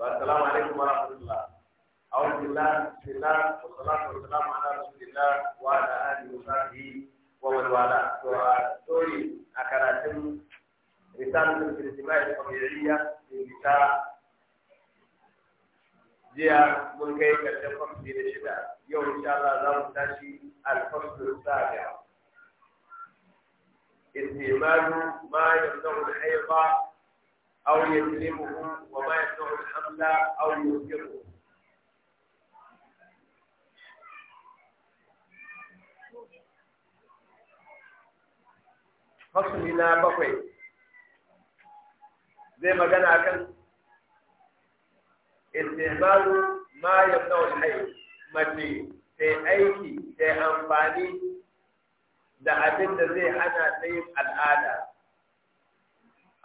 السلام عليكم ورحمة الله أعوذ بالله بسم الله والصلاة والسلام على رسول الله وعلى آله وصحبه ومن والاه سوري أكراتم رسالة في الاجتماع الطبيعية للنساء jiya mun kai karshen fasli da shida yau insha Allah za mu tashi al-faslu ما يمنع ma أو يسلمه وما يسمع الحمل أو يوقفه fasuli na bakwai zai magana kan istimalu ma ya tsawon hai mace sai aiki sai amfani da abin da zai hana ta al'ada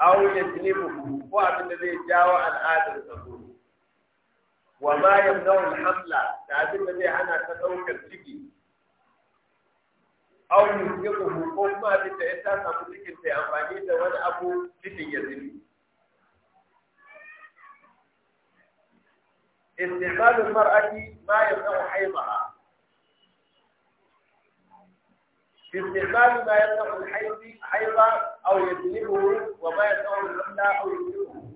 aw yajlibu ko abin zai jawo al'adar sa wa ma yamna'u hamla da abin zai hana ta daukar ciki aw yusqitu ko kuma abin da ya cikin sai amfani da wani abu cikin ya zubi استعمال المرأة ما يمنع حيضها استعمال ما يمنع الحيض حيض أو يذنبه وما يدعو الرمل أو يذنبه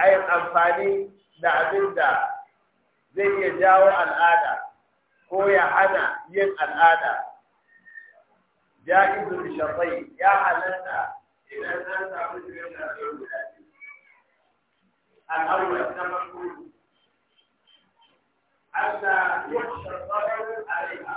أي الأنفاني da abin da zai iya jawo al'ada ko ya hana yin al'ada ja'izul shafai ya halatta idan an samu jirin da zai guda al'awwal na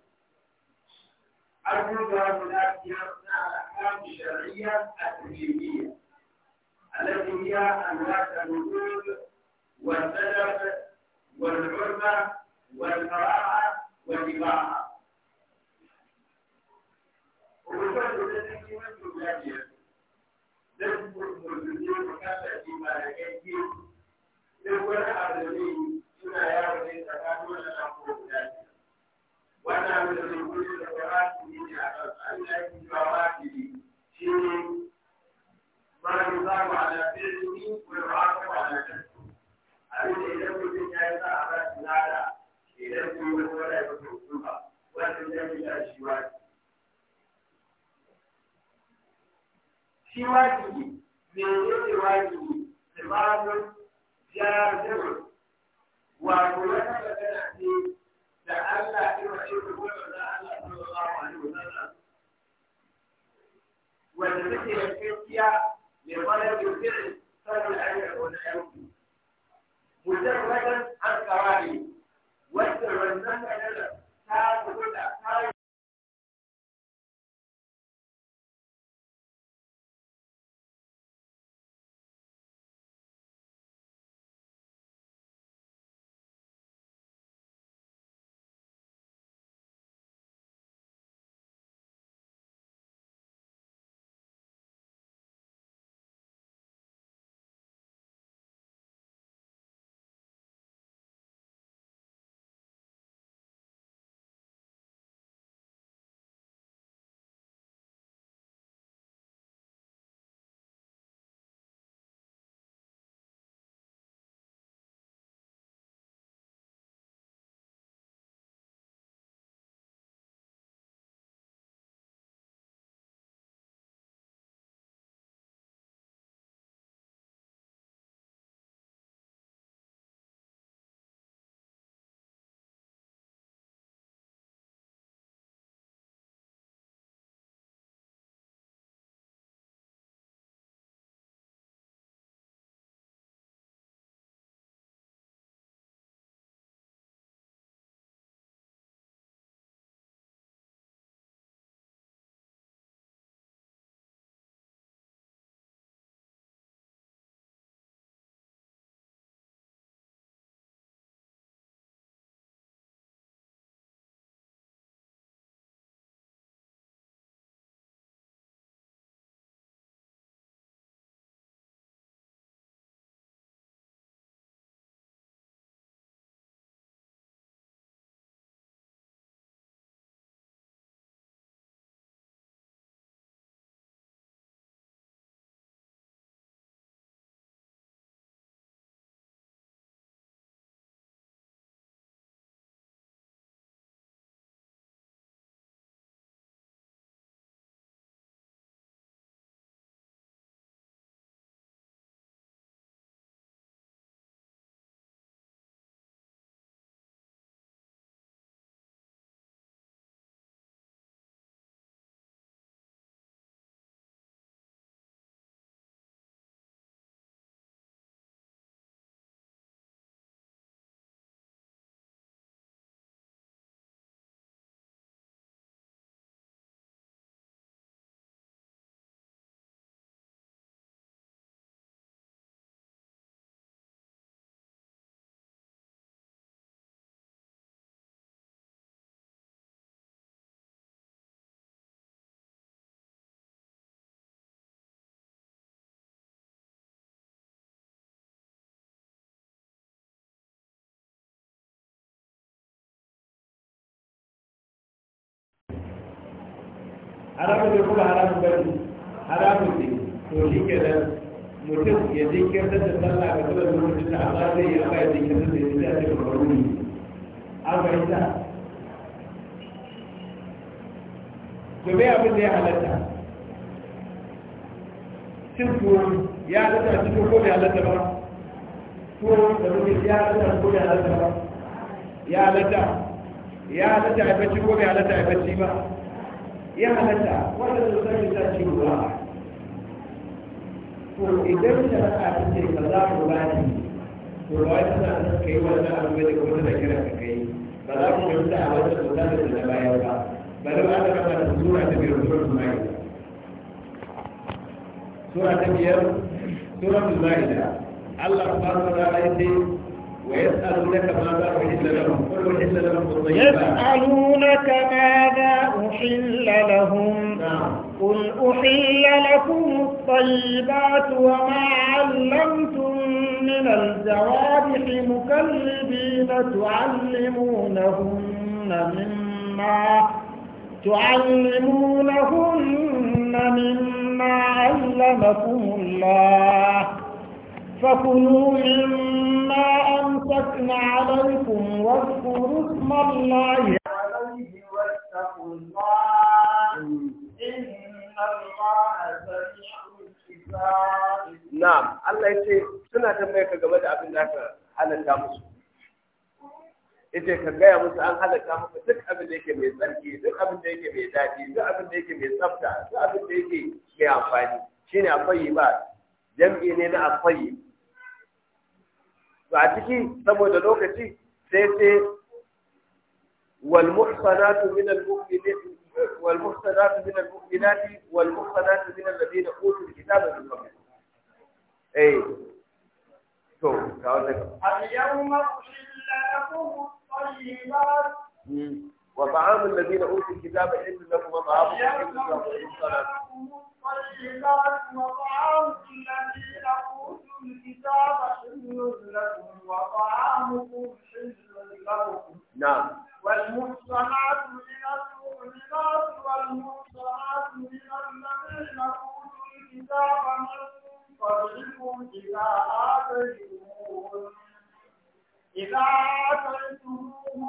الجملة التي يصنع الأحكام الشرعية التكليفية التي هي أملاك الوجود والسلف والعرف والقراءة والإباحة وشرط التي والجملة تثبت وتزيد كما في ملكيه لولا أدمي aiki ba ma ke shi ne ba da za mu ala birni ko da da shi ko da shi da Allah والذكر والحسية لطلب الفعل طلب العلم والعلم مجردا عن كراهه والسر والنفع لنا تاخذ haramun ne kuma haramun bari haramun ne to shi ke nan mutum ya jinkirta da sallah ga zuwa lokacin da amma zai yi amma ya jinkirta da ya zai da baruni an fahimta to bai abin da ya halatta cin tuwo ya halatta cikin ko bai halatta ba tuwo da mutum ya halatta ko bai halatta ba ya halatta ya halatta a ko bai halatta a ba ya halatta wanda su sani ta ci ruwa to idan da aka ta ce ba za ku ba ni to ba ta na ta kai wannan abu da kuma da kira ka kai ba za ku fahimta a wata cuta da ta baya ba bari ba ta kama da sura ta biyar sura ta mai sura ta biyar sura ta mai da Allah subhanahu wa ta'ala ya ce ويسألونك ماذا أحل لهم قل أحل لهم الطيبات يسألونك ماذا أحل لهم نعم. قل أحل لكم الطيبات وما علمتم من الجوارح مكلبين تعلمونهن مما تعلمونهن مما علمكم الله فكلوا مما أمسكنا عليكم واذكروا اسم الله عليه واتقوا الله إن الله سميع حساب نعم الله يتي سنة تنبيك قبل أبن ناسا على الجامس yace ka gaya musu an halatta muku duk abin da yake mai tsarki duk abin da yake mai daɗi duk abin da yake mai tsafta duk abin da yake mai amfani Shi ne akwai ba jam'i ne na akwai فعتكي سمو دلوكة شي سيسي والمحصنات من المؤمنات والمحصنات من المؤمنات والمحصنات من الذين أوتوا الكتاب من قبل أي تو تعالوا اليوم أحل لكم الطيبات وطعام الذين أوتوا الكتاب إن لكم وطعام الذين أوتوا الكتاب وطعام الذين أوتوا الكتاب حل لكم وطعامكم حل لكم نعم والمحصنات من المؤمنات والمحصنات من الذين اوتوا الكتاب من قبلكم إذا آتيتموهن إذا آتيتموهن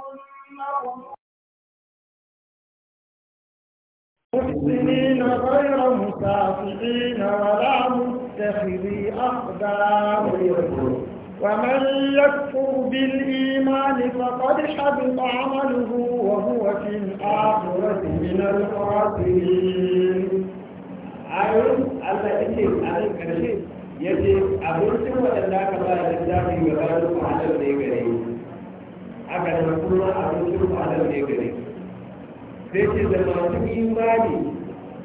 محسنين غير مسافحين ولا مسافحين تتخذي أخباركم ومن يكفر بالإيمان فقد حبط عمله وهو في الآخرة من الخاسرين عيون الله يجيب عليك الشيء أقول أبوك وإلا كما يجب يغلق على النيكرين أكد على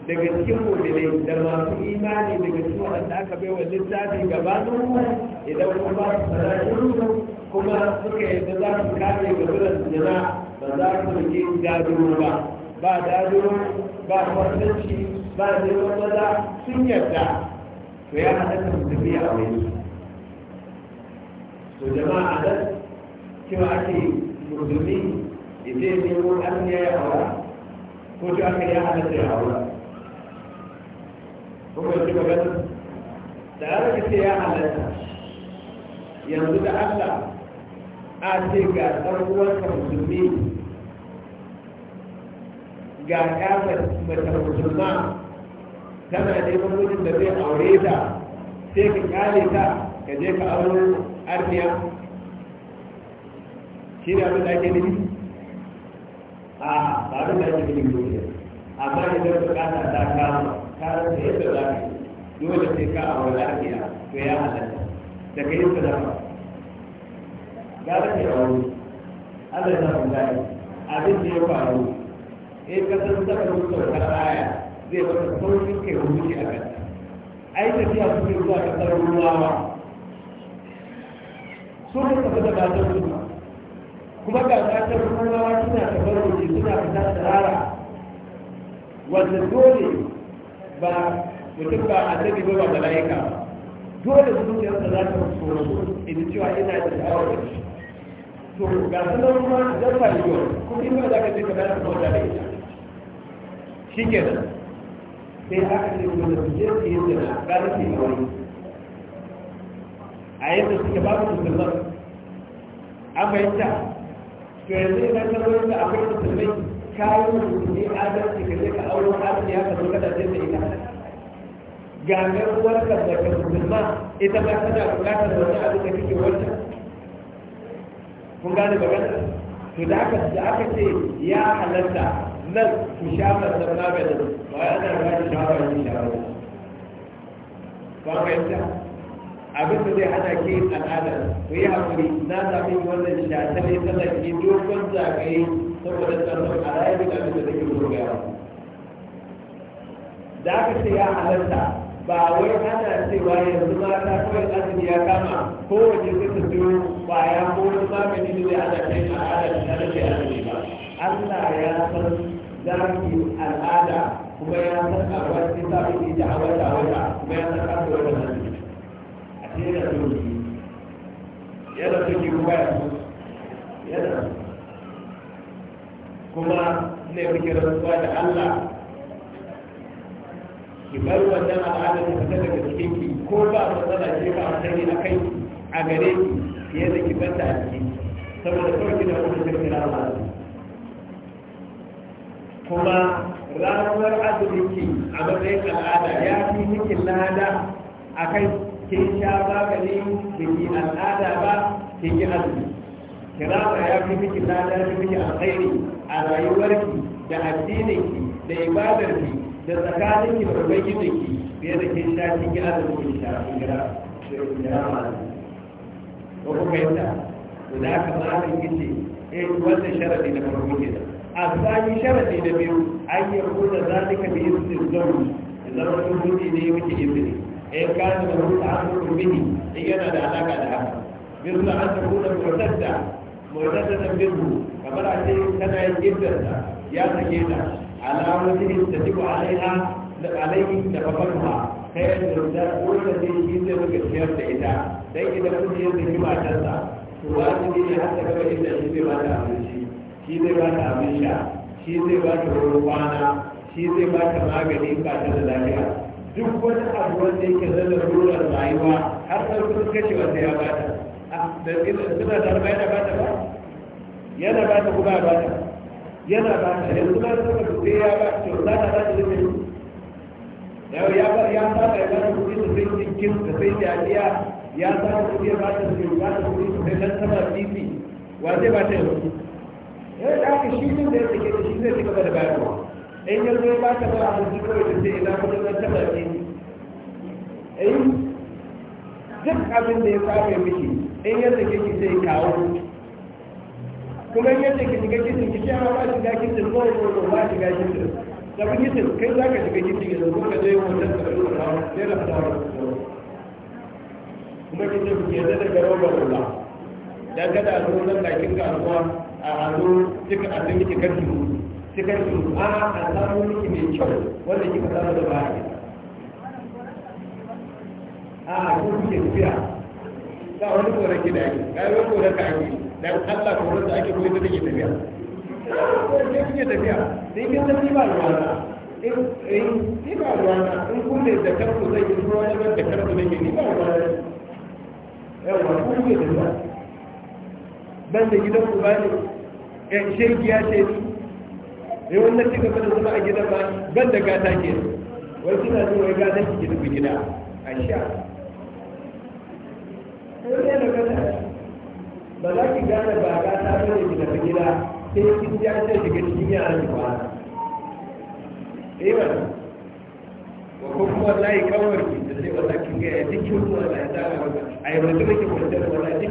daga cikin mulmulai da masu imani daga cikin waɗanda aka bai wa littafi gabanin idan kuma ba su sarakin mu kuma suka yi da za su kare ga biran jana ba za su rike dadiro ba ba dadiro ba kwartanci ba neman maza sun yarda to ya haɗa su tafiya a wani to jama'a nan cewa ake musulmi idan ne ko an yaya yi aura ko to aka yi a halatta ya aura kuma yanzu ba gani da an ce ya halatta yanzu da allah a ce ga ɗan'uwanka musulmi ga ƙyamar mata musulma tana neman mutum da zai aure ta sai ka kyale ta ka je ka aure arniya shi ne abin da ake nufi a ba abin da ake nufi amma idan kasa ta kama ka rasa yadda za ka yi dole sai ka aure lafiya to ya halatta da ka yi sadaka ga rasa aure Allah ya samu yi abin da ya faru in ka san saka mutuwar aya zai baka sauƙin kai hukunci a kan ai tafiya suke zuwa kasar ruwawa su ne tafi da gasar su kuma ga gasar ruwawa suna tabar suna fita tsirara wanda dole ba mutum ba a zai ba mala'ika dole zuciyarsa za ta tsoro in cewa ina da sha'awar da shi to ga su nan ma zan fari yau kuma ina da za ka ce ka bayar da bauta da ita shi ke nan sai aka ce kuma da su je su yi zina ga su yi wani a yadda suke ba su musulman an bayyanta to yanzu ina ka zo yadda akwai musulmai kayan musulmi adalci ka je ka auro adalci ya ka zo ka dace da ita ga garkuwar da ka musulma ita ma tana bukatar wani abu da kake wancan kun gane magana to da aka da aka ce ya halatta nan ku sha masar magani ba ya na ba shi shawara ni shawara ba ka yanta abin da zai hana ke al'ada ku yi haƙuri na zaɓi wannan shatar ya tsallake dogon zagaye saboda da aka ce ya halarta ba wai ana cewa yanzu mata kawai azumi ya kama kowace sai ta siyo kwaya ko wani magani da ana kai al'ada da ta azumi ba Allah ya san zaki al'ada kuma ya san abuwa sai ta fi ta wata wata kuma ya san kasa wata a kuma ne muke rantsuwa da Allah ki bar wannan al'ada ta fita daga cikin ki ko ba matsala ce ba sani a kai a gare ki fiye da ki banta a cikin saboda kawai da wani jirgin Allah kuma ranar azumin ki a matsayin al'ada ya fi miki lada a kai ke sha magani da ki al'ada ba ke ki azumi kira ya fi miki lada ya fi miki alkhairi a rayuwarki da addininki da ibadarki da tsakaninki da ubangijinki fiye da kin sha cikin azumin a gida da rama ko ku fahimta to da aka malam kici eh wannan sharadi na farko A asali sharadi na biyu an yi kuma zalika bi yin zauri zama sun mutu ne wuce izini eh kana da rubuta an rubuta bihi yana da alaka da haka bisa an mu murtadda ta bihu kamar a ce tana yin giddarta ya sake ta alamomin da duk alaiha da alaihi da babarwa ta yadda da wanda zai yi zai ruga ciyar da ita dan idan mutum ya zaki matarsa to wajibi ne har ta gaba inda shi zai bata abinci shi zai bata abin sha shi zai bata ruwan kwana shi zai bata magani ba ta da lafiya duk wani abu wanda yake zan da rurar rayuwa har ɗaukar kashewa sai ya bata da suna da arba'in da bata ba yana ba ta kuma ba ta yana ba ta yanzu na suka dutse ya ba ta za ta ba ta zai yau ya ba ya ba ta ba ta kuɗi da sai cikin da sai jariya ya ba ta kuɗi ba ta zai ba ta kuɗi da sai dan sama titi wa zai ba ta yanzu eh, da aka shi din da ya take da shi zai ci gaba da bayarwa in yanzu ya ba ta ba a hanzu kawai da sai ina kuɗin dan sama titi eh, duk abin da ya samu miki in yadda ta sai kawo kuma in yadda ka shiga kitin ki shara ah, ba shiga kitin ko ko ba shiga kitin da kun kitin kai za ka shiga kitin da kuma ka je hotel ka sai da kuma kitin ki da a zo nan ga a hazo ah, a a a samu miki mai kyau wanda kika samu da a a ko tafiya ba wani koren gida ne ga wani koren ka ake dan Allah ko wanda ake koyi da take tafiya sai kike tafiya sai kin san ni ba ruwana in in ni ba ruwana in kun da da kanku zai yi ruwa ne da kanku zai yi ni ba ruwana yawa ku ne da ruwa ban da gidan ku ba ne ya eh, shegiya ce ni sai eh, wannan ci gaba da zama a gidan ba ban da gata ke wai kina so wai gata ki ki gida a sha sai da gata ba za ki gane ba ga ta bane ki tafi gida sai kin ji an cikin ki ba wa eh ko kuma kawar ki da sai kin ga dukkan dukkan kin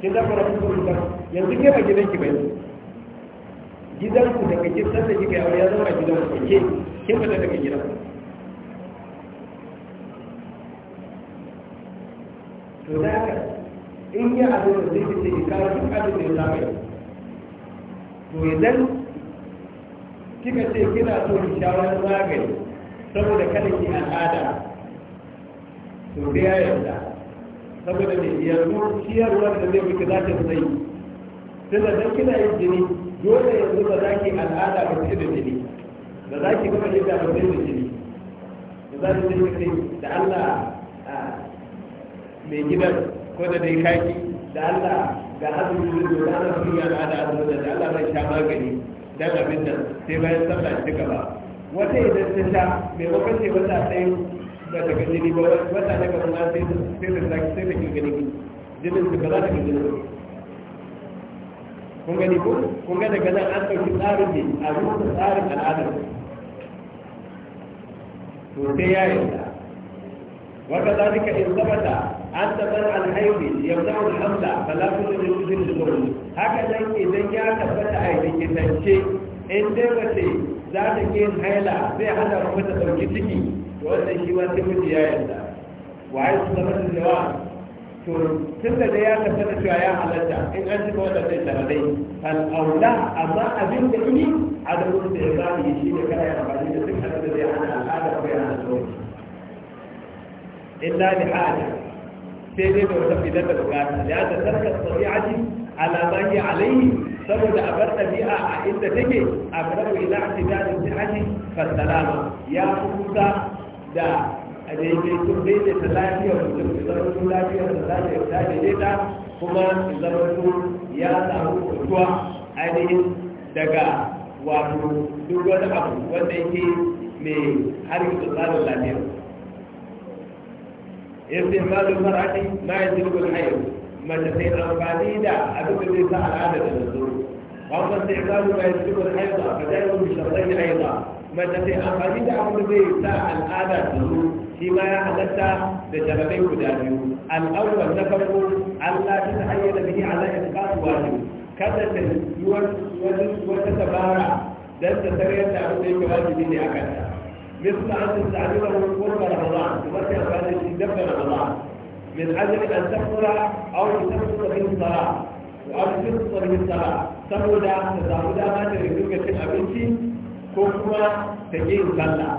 kin yanzu ke ba gidan ki bane gidan ku daga da kike ya zama gidan ku ke daga gidan ku to da haka in yi abin da zai fice da kawo duk abin da ya zama to idan kika ce kina so ki sha wani magani saboda kada ki al'ada to sai ya yarda saboda ne yanzu ciyarwar da zai miki za ta tsayi sai da dan kina yin jini dole yanzu ba za ki al'ada ba da jini ba za ki kuma gama da ba sai da jini da za ki sai da Allah ah, mai gidan ko da dai kaki da Allah da azumi da da Allah sun yi al'ada azumi da Allah bai sha magani dan abin nan sai bayan sallah ta gaba wata idan ta sha maimakon ce wata ɗaya ba ta gaji ba wata na gaba ma sai sai da zaki sai da ke gani jinin su ba za ta gaji kun gani ko kun ga daga nan an ɗauki tsarin ne a rufe tsarin al'adar to sai ya yarda waka zalika in sabata an tabar alhaibi ya zama alhamda ba la kuma da yuzin zuwa haka nan idan ya tabbata a likitance in dai mace za ta ke haila sai hana kuma ta ɗauki ciki wannan shi ma sai miji ya yarda wa ya su zama da jawa to tun da dai ya tabbata cewa ya halatta in an cika wannan zai taradai al'aula amma abin da ni a da mutum da ya zama shi ne kada ya amfani da duk abin da zai hana al'ada ko ya hana tsohon illa da hada sai dai da wata fitar da bukata da ta tarka tabi'ati ala ma hi alayhi saboda a bar tabi'a a inda take a karbu ila ihtidal sihhati aji salama ya kusa da a daidai sun daidaita lafiyar mutum da zama su lafiyar da zai ta daidaita kuma zama sun ya samu kutuwa ainihin daga wato duk wani abu wanda yake mai harin tsarin lafiyar استعمال المرأة ما يجلب الحيض متى تنفعني دا أبدا ليس على عدد النزول وأما استعمال ما يجلب الحيض فدائما بشرطين أيضا متى تنفعني دا أبدا ليس على عدد النزول فيما يحدث بسببين كدابيو الأول نفقه ألا تتحيل به على إثبات واجب يوجد وتتبارع دلت سريع تعود لك واجبين أكثر مثل أن تستعجبه القرب رمضان تمتع بهذا الشيء دم رمضان من أجل أن تكبر أو تكبر به الصلاة أو تكبر به الصلاة تقول أن تزاود ما تريدك في الأبنس كفوة تجين صلاة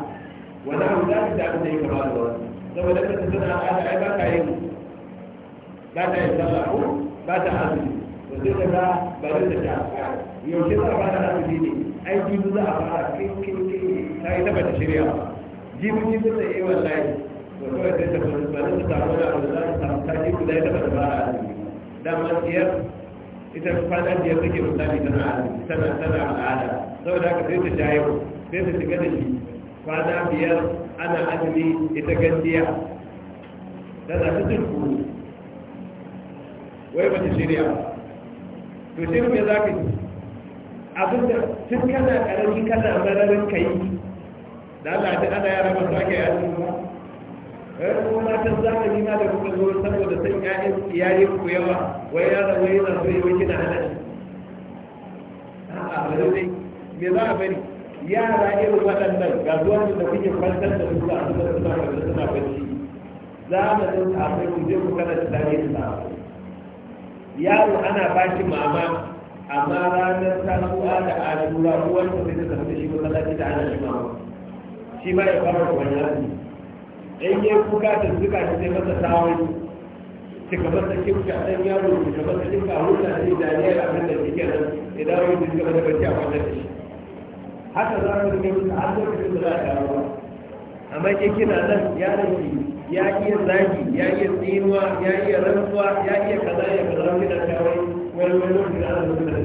ونحن لا تزاود أي كمال الله ثم لك تزاود هذا عبا كاين لا تزاود بعد حديث sai da ga bari da ta yaushe za a fara da ne ai jibi za a fara kai ta yi da shirya jibi jibi da yi wallahi to kawai da ta bari ta samu da abu za ta ta jibi da ya tabbata ba a dama siyar ita kwana biyar take misali tana tana tana al'ada saboda haka sai ta jayo sai ta shiga da shi kwana biyar ana azumi ita gaskiya tana ta turku wai ba ta shirya to sai me za ka yi abin da tun kana ƙarami kana mararin ka yi da Allah ana yara ba za ka yi azumi ba eh, kuma matan ka ma da kuka zo saboda san ƴaƴan iyali ku yawa wai yara wai yana so yi wai kina hana shi a'a ba dai me za a bari yara irin waɗannan ga zuwa da kuke kwantar da su a suna suna kwantar suna bacci zamanin akwai ku je ku kana da yaro ana ba shi mama amma ranar samuwa da alamura ruwan da zai zama da shi masallaci da ana shi mama shi ma ya fara da wani rafi in yi kuka ta zuka shi zai masa sawani cika masa kimka ɗan yaro cika masa kimka hulɗa da a kan da shi kenan idan wani da suka masa bacci a kwanar shi haka za mu rike musu har lokacin da za a amma ke kina nan ya ki ya iya zagi ya iya tsinuwa ya iya rantsuwa ya iya kaza ya kaza kina kawai wani wani wani da ala zuwa da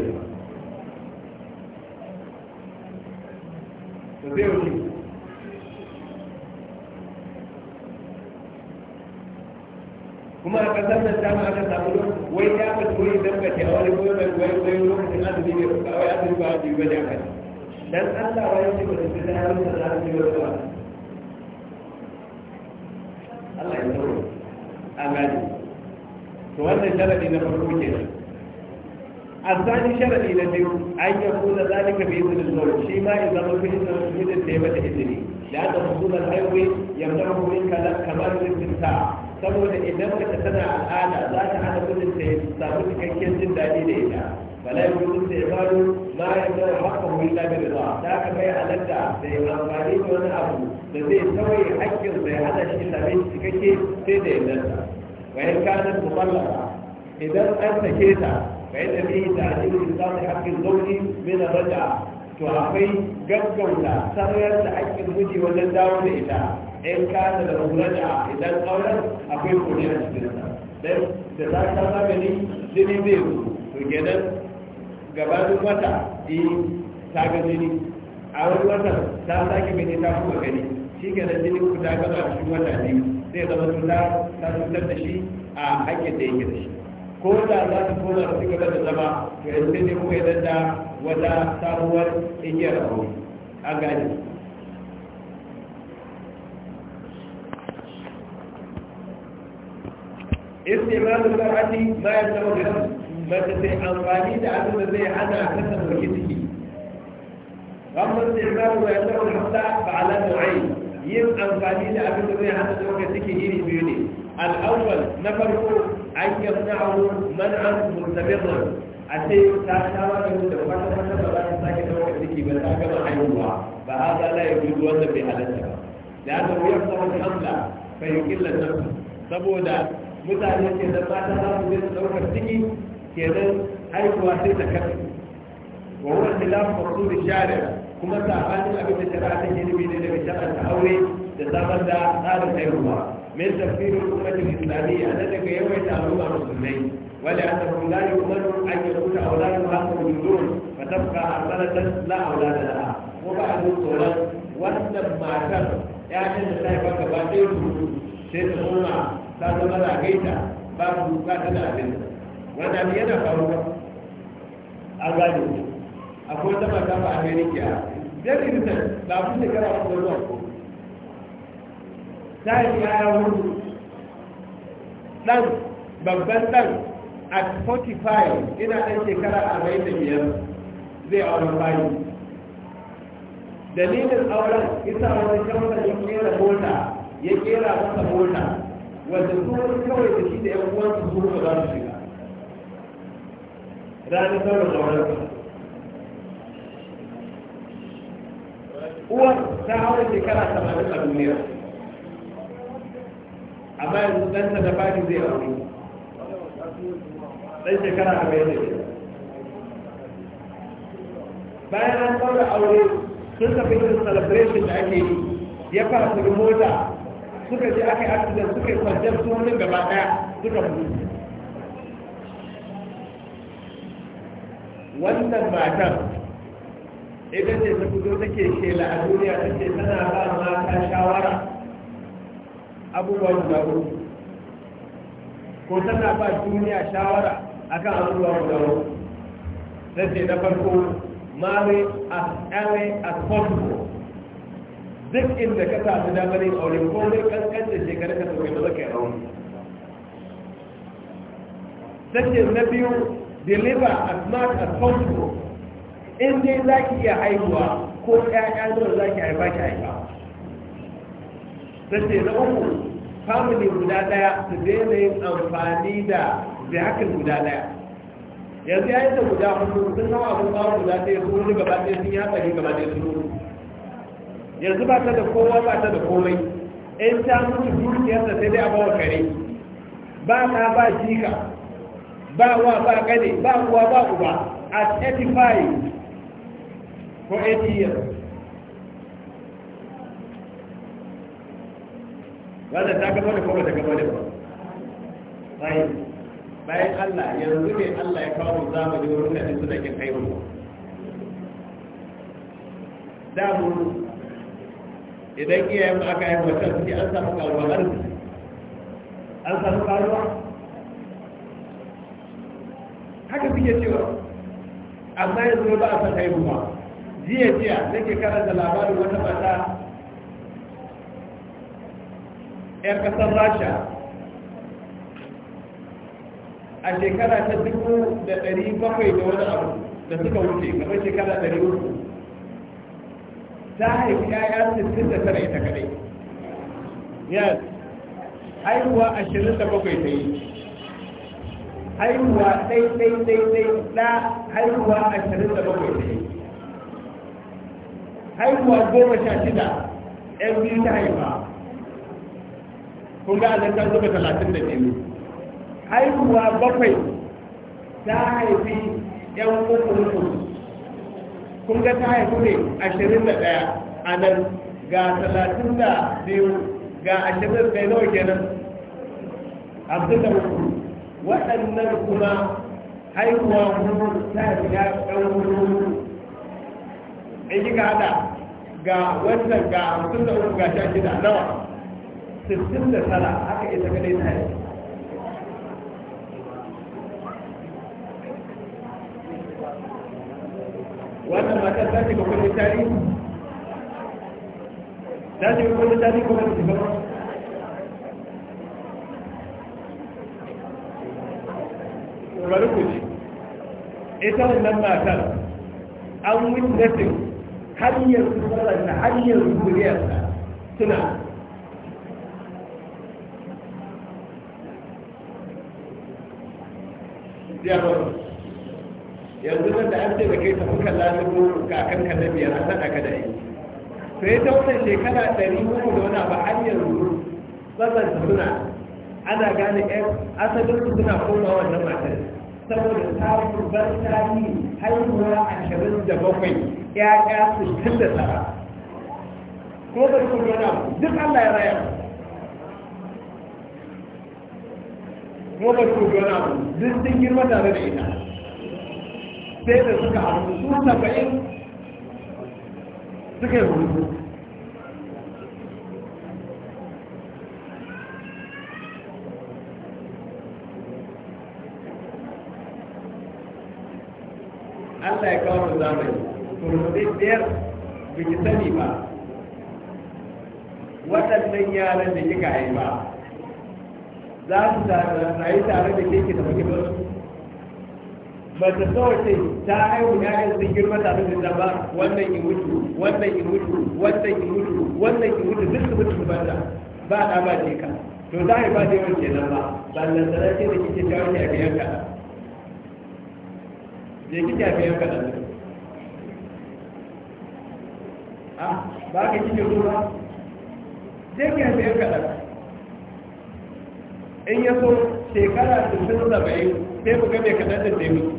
kuma a kasar da ta ma aka samu wai ya ka turi don ka a wani goyon mai goyon goyon lokacin azumi ne kawai azumi ba a jibi ba da dan Allah wani ce ba da ta yi da ta yi da ta a yi tsoro sharadi na farko ke nan a tsani sharadi na biyu a yi yanku na tsani ka zuwa shi ma in zama kuma shi na wasu hidin da ya mata izini da aka musu na haihuwa ya mara kuma yin kala kamar rikin ta saboda idan ka tana al'ada za ta hana kudin ta ya samu cikakken jin daɗi da ita فلا يكون استعمال ما يمنع حقه الا برضاه ذاك ما يعلمك بامكانيه وانا ابو الذي يسوي حق بهذا الشيء الذي تكشي سيدي لك وان كانت مطلقه اذا انت كيتا فان فيه تعديل انسان حق الزوج من الرجعه تعطي gaggauta sarayar da hakkin miji wajen dawo da ita in ka da ruraja idan auren akwai kuri a cikin sa dan da za ka magani jini zai zo to kenan gabanin wata eh ta ga jini a wani wata ta sake bane ta kuma gani shi ga da jini ku ta gaba a cikin wata ne zai zama cuta ta cutar da shi a hakkin da yake da shi ko da za ta koma su gaba da zama to yanzu ne kuma kuka da wata sabuwar igiyar aure an gani استعمال المرأة ما يلزم mace sai amfani da abin da zai hana a kasa ɗauki ciki amma sai zaru ya zaru hafsa ba ala nau'ai yin amfani da abin da zai hana ɗauka ciki iri biyu ne al'awwal na farko an yi yamna'u man'an mustabirran a ce ta shawa da mutum kwata kwata ba za ta sake ɗauka ciki ba ta gama haihuwa ba ha za a yi gudu wanda bai halatta ba da aka wuyar tsawon hamla bai yi killar saboda mutane ke da mata za su zai ɗaukar ciki kenan haihuwa sai ta kafi wa huwa khilaf maqsud shari'a kuma sabanin abin da shari'a take nufi ne daga shari'a ta aure da samar da tsarin haihuwa min tafsirin ummatin islamiyya na daga yawaita al'umma musulmai ولأنه لا يؤمن أن يكون أولادها مولودون فتبقى أرملة لا أولاد لها وبعد الصورة ولما كان يعني أن لا يبقى باقي سيد الأمة سادة مدى عقيدة باب مكاتبة أبنها wanda yana faruwa a gani akwai amerika zai ba zuwa ko ta yi wuri ɗan babban ɗan at 45 ina ɗan shekara 45 zai auren bayi dalilin auren isa wani ya kera mota ya kera masa mota wanda su kawai da shi da yan uwansu su ba za su shiga ranar sauran zaunar uwa ta hau da shekara tamanin a duniya amma yanzu ɗanta da fadi zai aure ɗan shekara arba'in da biyar bayan an ɗaura aure sun tafi yin celebration da ake yi ya fara su mota suka je aka yi accident suka yi kwanciyar sunan gaba ɗaya suka mutu wannan matan idan ce ta fito take shela a duniya ta ce tana ba mata shawara abubuwan da uku ko tana ba duniya shawara akan abubuwan da uku ta ce na farko marry a tsare a possible duk inda ka samu damar yin aure ko mai kankan da shekarar ka sauke ba zaka yi aure ce na biyu deliver as much as possible in dai za ki iya haihuwa ko ya zuwa za ki haifa ki haifa sace na uku family guda ɗaya su daina yin amfani da vehicle guda ɗaya yanzu ya yi da guda hudu sun hawa abin bawa guda ɗaya su wani gaba daya sun yi hatsari gaba daya su yanzu ba ta da kowa ba ta da komai in ta mutu dukiyarsa sai dai a bawa kare ba ta ba jika ba wa ba gane ba wa ba ku ba at 85 for 80 years wanda ta gaba da kuma da gaba da ba bai bayan Allah yanzu ne Allah ya kawo zamani wurin da su da kin haihu da mu idan iyayen aka yi mutum suke an samu karuwa arziki an samu karuwa haka suke cewa amma zuwa ba a san ba jiya jiya nake karanta labarin wata mata yar kasar rasha a shekara ta dubu da ɗari bakwai da wani abu da suka wuce kamar shekara ɗari uku ta haifi ya'ya sittin da tara ita kadai yes haihuwa ashirin da bakwai ta yi haihuwa dai dai dai dai ɗa haihuwa ashirin da bakwai ne haihuwa goma sha shida ɗan biyu ta haifa kun ga azan ta zuba talatin da biyu haihuwa bakwai ta haifi ɗan uku uku kun ga ta haifi ne ashirin da ɗaya a nan ga talatin da biyu ga ashirin da ɗaya nawa kenan abdul da uku waɗannan kuma haihuwa hudu ta riga ɗan hudu in yi gada ga wannan ga hamsin da uku ga sha shida nawa sittin da tara haka ita kadai ta yi wannan matar ta shiga kudin tarihi ta shiga kudin tarihi kuma ta shiga ita wannan matar an witnessin hanyar tsoron na hanyar zuriyarsa suna yanzu nan da an ce da kai tafi kalla na goro kakan ka na biyar an aka da yi to ta wannan shekara ɗari uku da wani abu hanyar ruru tsatsar suna ana gane asalin su suna kuma wannan matar saboda samun barkani haihuwa ashirin da bakwai ya ya'ya sittin da tsara. ko bari ku gona duk Allah ya raya ko bari ku gona duk sun girma tare da ita sai da suka haɗu su saba'in suka yi hudu yau zamani biyar biki sani ba waɗannan yaran da kika haifa za su tare da da muke ba ta haihu sun girma da ba wannan yi mutu wannan yi mutu wannan mutu wannan mutu duk su mutu ba da ba ka to za a yi ba kenan ba ballan da kike jawo a biyan kike a biyan ba ka kike so ba zai ka sai kaɗan in ya so shekara sittin sai eh, mu ga mai da sai mutu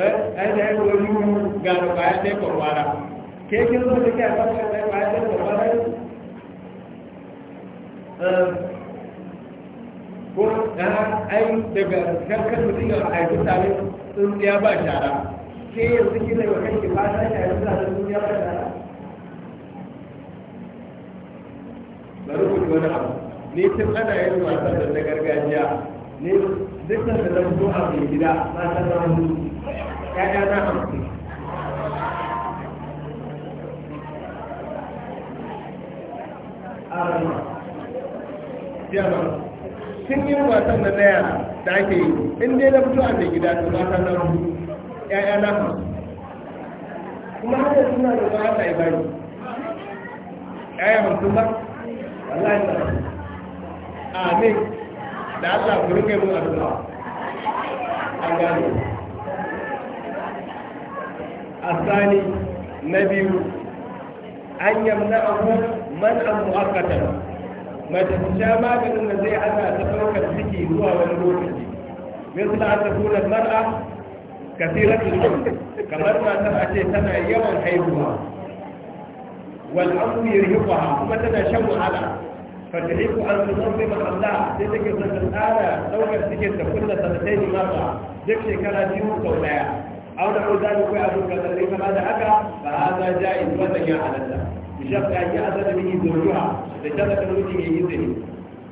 ai da yadda wani ga da kwaya sai kwakwara ke kin so da kya samu kaɗan kwaya sai kwakwara eh, ko ai daga kankan mutum ya haifi tare tsintsiya ba shara ke yanzu kina yi wa kanki fata ki a yanzu da duniya ba Ba bari ku ji abu ne tun ana yin wasan da na gargajiya ne duk da na zo a mai gida mata na hannu ya'ya na hamsin yamma sun yi wasan da na yara da ake yi in dai na fito a mai gida to mata na hannu ‘ya'ya na hamsin kuma hanyar suna da zuwa Allah ya bani ‘ya'ya hamsin ba Allah ya amin da Allah ku rike mu addu'a an gano asani na biyu an yamna abu man abu akatan mace ta sha maganin da zai ana ta ɗaukar ciki zuwa wani lokaci misali ta kuna mar'a كثيرة الجمع كما ما سنة تنا يوم حيوها والأمر يرهقها ثم تنا على فتحيك أن تنظم الله ذلك يظن الآلة لو كان كل سنتين مرة ذلك كان ديوك ولا أو نحو ذلك أبو كذلك ماذا أكره فهذا جائز وزن على الله بشرط أن يأذن به زوجها لشرط الوجه يئذنه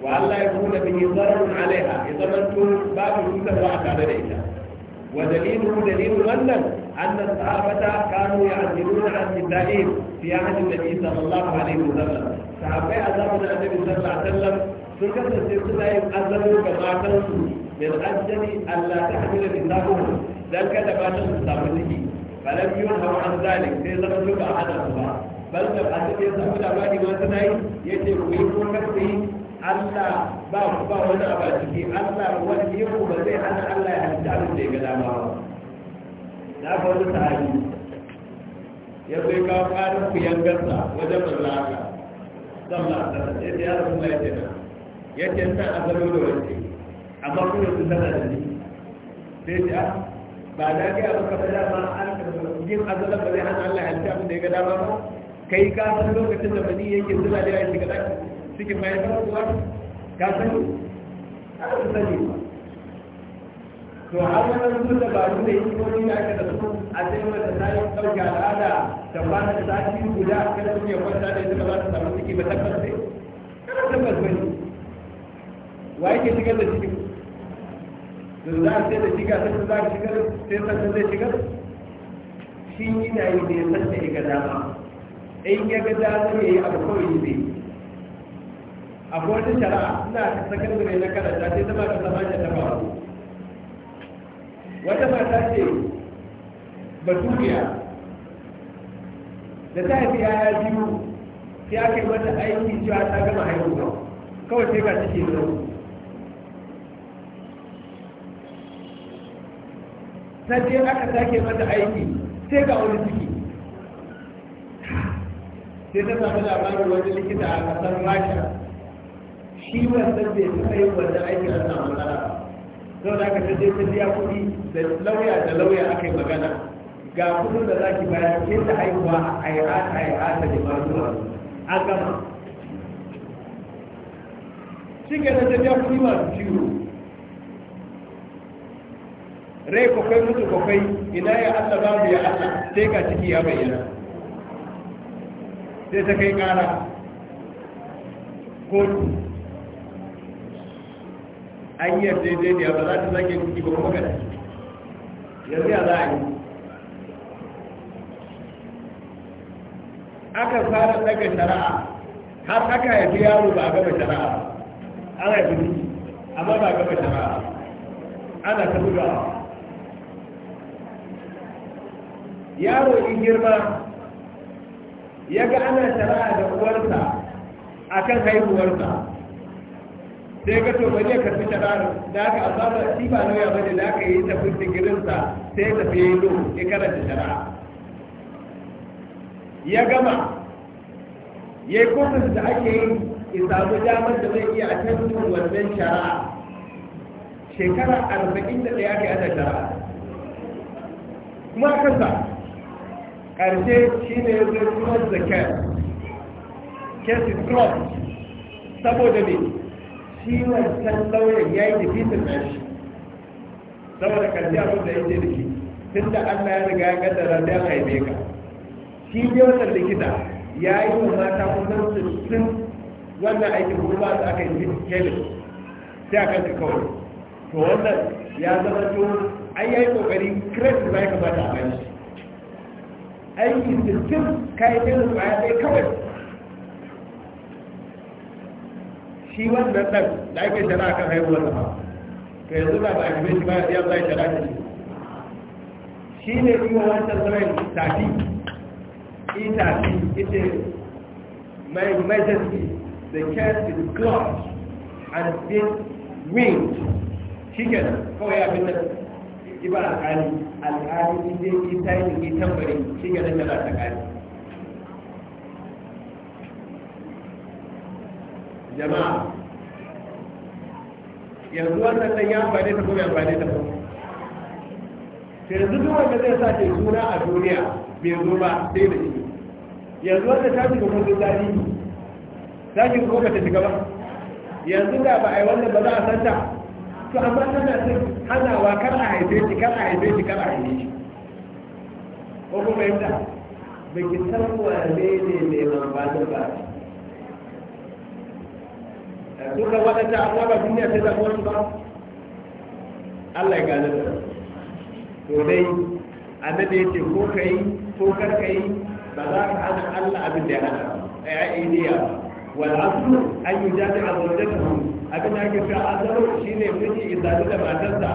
وألا يكون به ضرر عليها إذا لم تكن باب الكتب وأتى عليها ودليله دليل wannan أن الصحابة كانوا يعزلون عن نسائهم في عهد النبي صلى الله عليه وسلم صحابي أزمنا النبي صلى الله عليه وسلم sun kasance suna yin azalo ga matansu min ajali Allah ta hamila nisabuhu dan kada matan su samu ciki falam yunhaw an sai zama su ba hada su ba bal da hadisi ya yi ko Allah ba ku ba wani abu a ciki Allah wani yau ba zai hana Allah ya halitta abin da ya ga dama ba na ga wani sahabi ya zai kawo ƙarin ku yangarsa wajen manzo Allah sallallahu alaihi wasallam ya ce ya rasu mai jina ya ce a azalo da wani amma ku yanzu tana da ni sai ce ah, ba da ga ya baka fada ma an yin azalo ba zai hana Allah ya halitta abin da ya ga dama ba kai ka san lokacin da bani yake zuwa da ya shiga ɗaki cikin bayan kuwa ka aka sani ba to har wani su dabaru da hikimomi da aka da su a sai wata ta yi al'ada ta ba ta sati guda a kan ya kwanta da ba za samu ciki ba tabbas ne kada tabbas ba ne wa yake shigar da ciki? da za a sai da shiga sai za a shigar sai sannan zai shigar shi yana yi da ya sanya ga dama in ya ga dama ya yi abu kawai zai yi akwai wata shari'a ina ta sakandare na karanta sai ta mata zama ta ta faru wata mata ce baturiya da ta haifi yaya biyu sai aka yi mata aiki cewa ta gama haihuwa kawai sai ga ciki da ta je aka sake mata aiki sai ga wani ciki sai ta samu labarin wani likita a kasar rasha shi wannan bai taɓa yin wannan aikin an samu matsala sau da aka taje ta biya kuɗi da lauya da lauya aka yi magana ga kuɗin da za ki bayar ke da haihuwa a yi ata a yi ata da mazuwa an gama shi ke na tafiya kuɗi masu ciwo rai kwakwai mutu kwakwai ina ya allah mu ya allah sai ga ciki ya bayyana sai ta kai ƙara kotu an yi yarjejeniya ba za ta zage kuki ba kuma gada yanzu ya za a yi aka fara daga shara'a. har aka haifi yaro ba a gaba shara'a. an haifi ciki amma ba a gaba shara'a. ana ta buga yaro in girma ya ga ana shara'a da uwarsa a kan haihuwarsa sai ga to bari ya karbi shara'a da aka azaba shi ba lauya bane da aka yi tafi digirin sa sai ta fi lo ya karanta shara. ya gama ya yi kofin da ake yi ya samu damar da zai iya a wannan shara. shekara arba'in da ya kai yi ana shara'a kuma kansa ƙarshe shi ne ya zai kuma zakat kesi crop saboda ne shi wancan lauyan ya yi difitin na shi saboda kalli abin da yake da shi tun da allah ya riga ya kaddara da ya mai ka shi ne wannan likita ya yi wa mata kusan sun wannan aikin kuma su aka yi kelin sai a kan kawai to wannan ya zama to an ya yi kokari kredit ba ya kamata a bashi aiki sun kai kelin ba ya kai kawai shi wannan ɗan da ake shara kan haihuwar ka yanzu a shi ba ya zai shara shi shi ne kuma wancan sarai tafi ita my majesty the cat is clutch and this shi ke kawai nan ibar alƙali alƙali ita ita yi shi ke nan ta jama'a yanzu wannan nan ya amfani ta kuma amfani ta kuma yanzu duk wanda zai sa ke suna a duniya bai zo ba sai da shi yanzu wanda ta shiga kundin tarihi ta shiga ko ba ta shiga ba yanzu da ba a yi wannan ba za a santa to amma tana sun hanawa kar a haife shi kar a haife shi kar a haife shi ko kuma yadda bai ki san wane ne mai mambanin ba sun san waɗancan amma ba duniya sai zaɓi wani ba Allah ya gane da to dai annabi ya ce ko kai ko kar kai ba za ka hana Allah abin da ya hana ya yi niyya wal aslu an yujadi azwajatuhu abin da ake cewa azabu shine miji izali da matarsa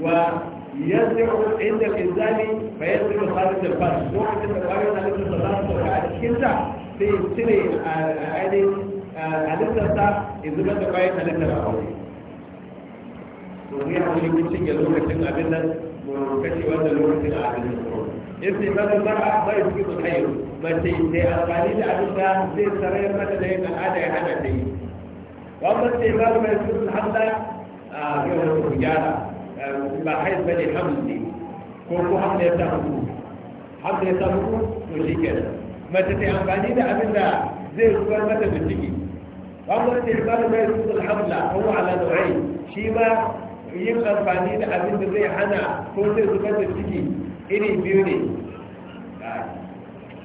wa يزرع عند الإنزال فيزرع خارج الفرش وقت التقارير على الصلاة وعلى الشمسة في سنة عدد عدد yanzu ban da kayan halittar a aure to mu yi hauli mun cinye lokacin abin nan mu kashe wanda lokacin a abin in sai ba zan mara bari suke su kayo mace sai amfani da abin da zai sarayar mata da yin al'ada ya hana ta yi wannan sai ba zan bari suke su hamda a yau da su gyara ba haiz bane hamdi ko ko hamda ya sa hukumu hamda ya sa hukumu to shi kenan mace sai amfani da abin da zai zubar mata da ciki amma da ibadu mai rusul hamla ko ala nau'ai shi ma yin amfani da abin da zai hana ko zai zubar da ciki iri biyu ne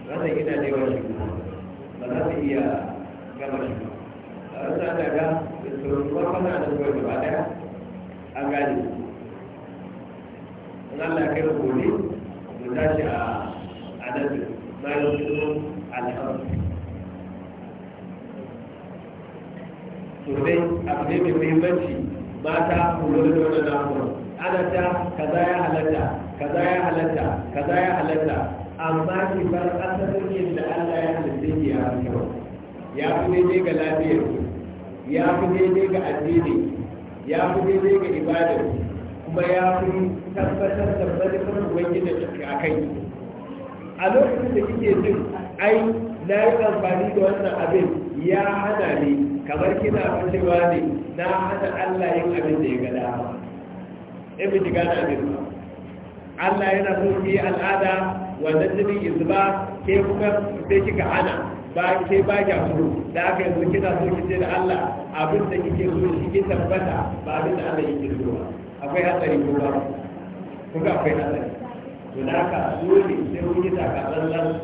wannan gina ne wani ba za su iya gama shi ba. daidai ga addini ya fi daidai ga ibadar kuma ya fi tabbatar da manufar ubangiji a kai a lokacin da kike jin ai na yi amfani da wannan abin ya hana ne kamar kina fitowa ne na hana allah yin abin da ya ga dama in bi shiga na abin allah yana so ki al'ada wannan jinin zuba ke kuma sai kika hana ba ke ba ki abu da aka yanzu kina so ki ce da Allah abin da kike so shi ke tabbata ba abin da Allah yake so akwai hatsari ko ba ko ga akwai hatsari to da haka dole sai mun yi takatsantsan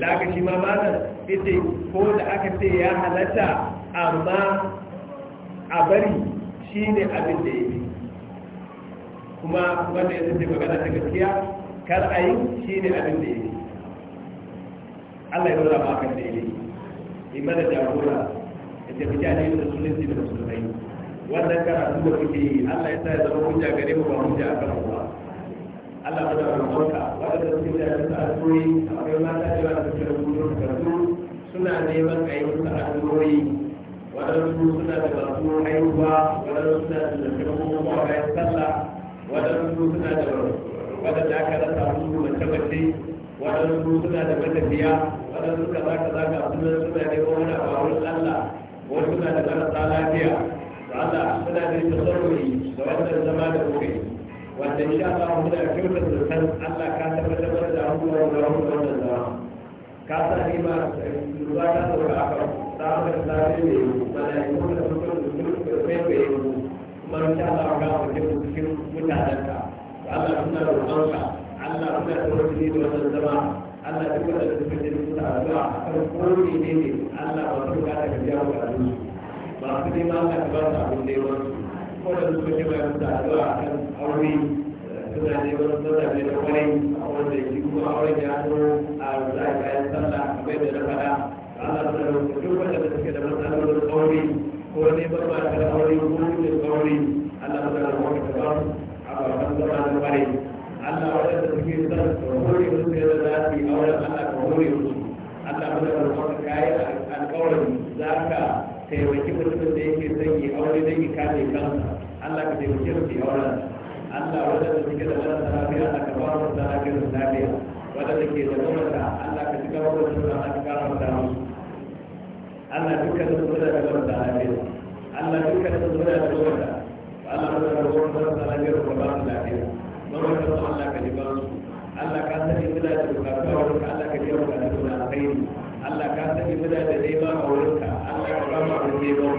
da aka shi ma malam ita ko da aka ce ya halatta amma a bari shi ne abin da ya yi kuma wanda ya sace magana ta gaskiya kar a yi shi ne abin da ya yi. Allah ya dora ma kan da ilimi in mana jagora da tafi jani da musulunci da musulmai wannan karatu da kuke yi Allah ya sa ya zama hujja gare mu ba hujja a kan kuwa Allah ya dora ma ka da suke da su a tsoyi akwai mata da yawa da suke da gudu da suna neman a yi musu addu'o'i waɗansu suna da basu haihuwa waɗansu suna da zafi kuma kuma bayan sallah waɗansu suna da waɗanda aka rasa musu mace-mace waɗansu suna da matafiya waɗansu ka za ka za ka abin da suna ne wani a wurin allah wasu na da marasa lafiya da allah suna da tasarrufi da wannan zama da kuka yi wanda insha da san allah ka tabbatar da abubuwan da wannan zama ka sa ni ruwa ta a kan tsarin lafiya ne da suka da yanzu kuma ga da wannan zama Allah ya kula da suka jini suna addu'a kan kore ne ne Allah ba su ka biya wa abin su ba su ne ma Allah ba su abin da yawan ko da suka ji ba su addu'a kan aure suna ne wani suna ne da kwarai wanda ya kuma auren ya zo a zai kayan sallah kamar kare kansa Allah ka taimake su da yawan Allah wanda da suke da wannan lafiya Allah ka ba su da lafiyar lafiya wanda da ke da gwamnati Allah ka shiga wannan sura Allah ka kara mata musu Allah dukkan su da gwamnati da lafiya Allah dukkan su da gwamnati Allah ka da gwamnati da lafiyar ka ba su lafiya gwamnati Allah ka jiba su Allah ka sani muna da bukatu a wurinka Allah ka biya bukatu na alkhairi Allah ka sani muna da nema a wurinka Allah ka ba mu abin neman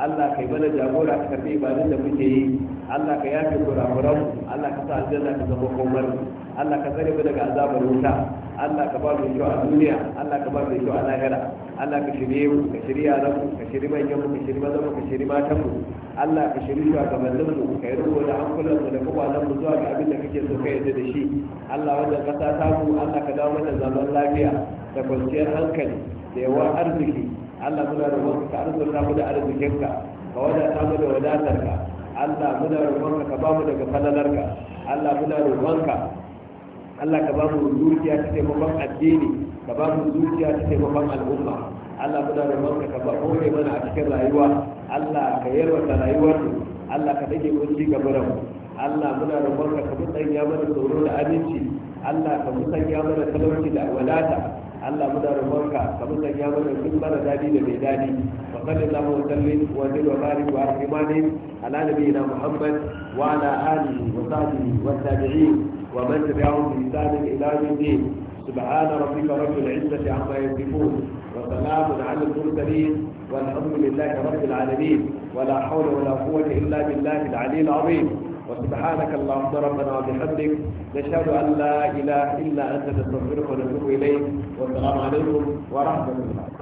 Allah kai mana jagora ka karbi ibadan da muke yi Allah ka yafe kurakuran Allah ka sa aljanna ka zama komar Allah ka tsare mu daga azabar wuta Allah ka ba mu kyau a duniya Allah ka ba mu kyau a lahira Allah ka shirye mu ka shirye yaran mu ka shirye manyan mu ka shirye mazan mu ka shirye matan mu Allah ka shirye shugabannin mu ka yi rubo da hankulan mu da kwakwalen mu zuwa ga abin da kake so ka yarda da shi Allah wannan kasa ta mu Allah ka dawo mana zaman lafiya da kwanciyar hankali da yawan arziki Allah muna da wasu ka arzuta mu da arzikinka ka wajen mu da wadatarka Allah muna roƙon ka ba mu daga falalarka Allah muna roƙon ka Allah ka ba mu zuciya ta taimakon addini ka ba mu zuciya ta taimakon al'umma Allah muna roƙon ka ba ne mana a cikin rayuwa Allah ka yarwata rayuwar Allah ka dage mu ci da mu Allah muna roƙon ka ka mutsanya mana tsoro da aminci Allah ka mutsanya mana talauci da wadata Allah muna roƙonka ka musanya mana duk mana dadi da mai dadi wa sallallahu wa sallim wa zil wa barik wa arhimanin ala nabiyina Muhammad wa ala alihi wa sahbihi wa tabi'in wa man tabi'ahum bi ihsan ila yawm الدين سبحان ربك رب العزة عما يصفون وسلام على المرسلين والحمد لله رب العالمين ولا حول ولا قوة إلا بالله العلي العظيم وسبحانك اللهم ربنا وبحمدك نشهد أن لا إله إلا أنت نستغفرك ونتوب إليك والسلام عليكم ورحمة الله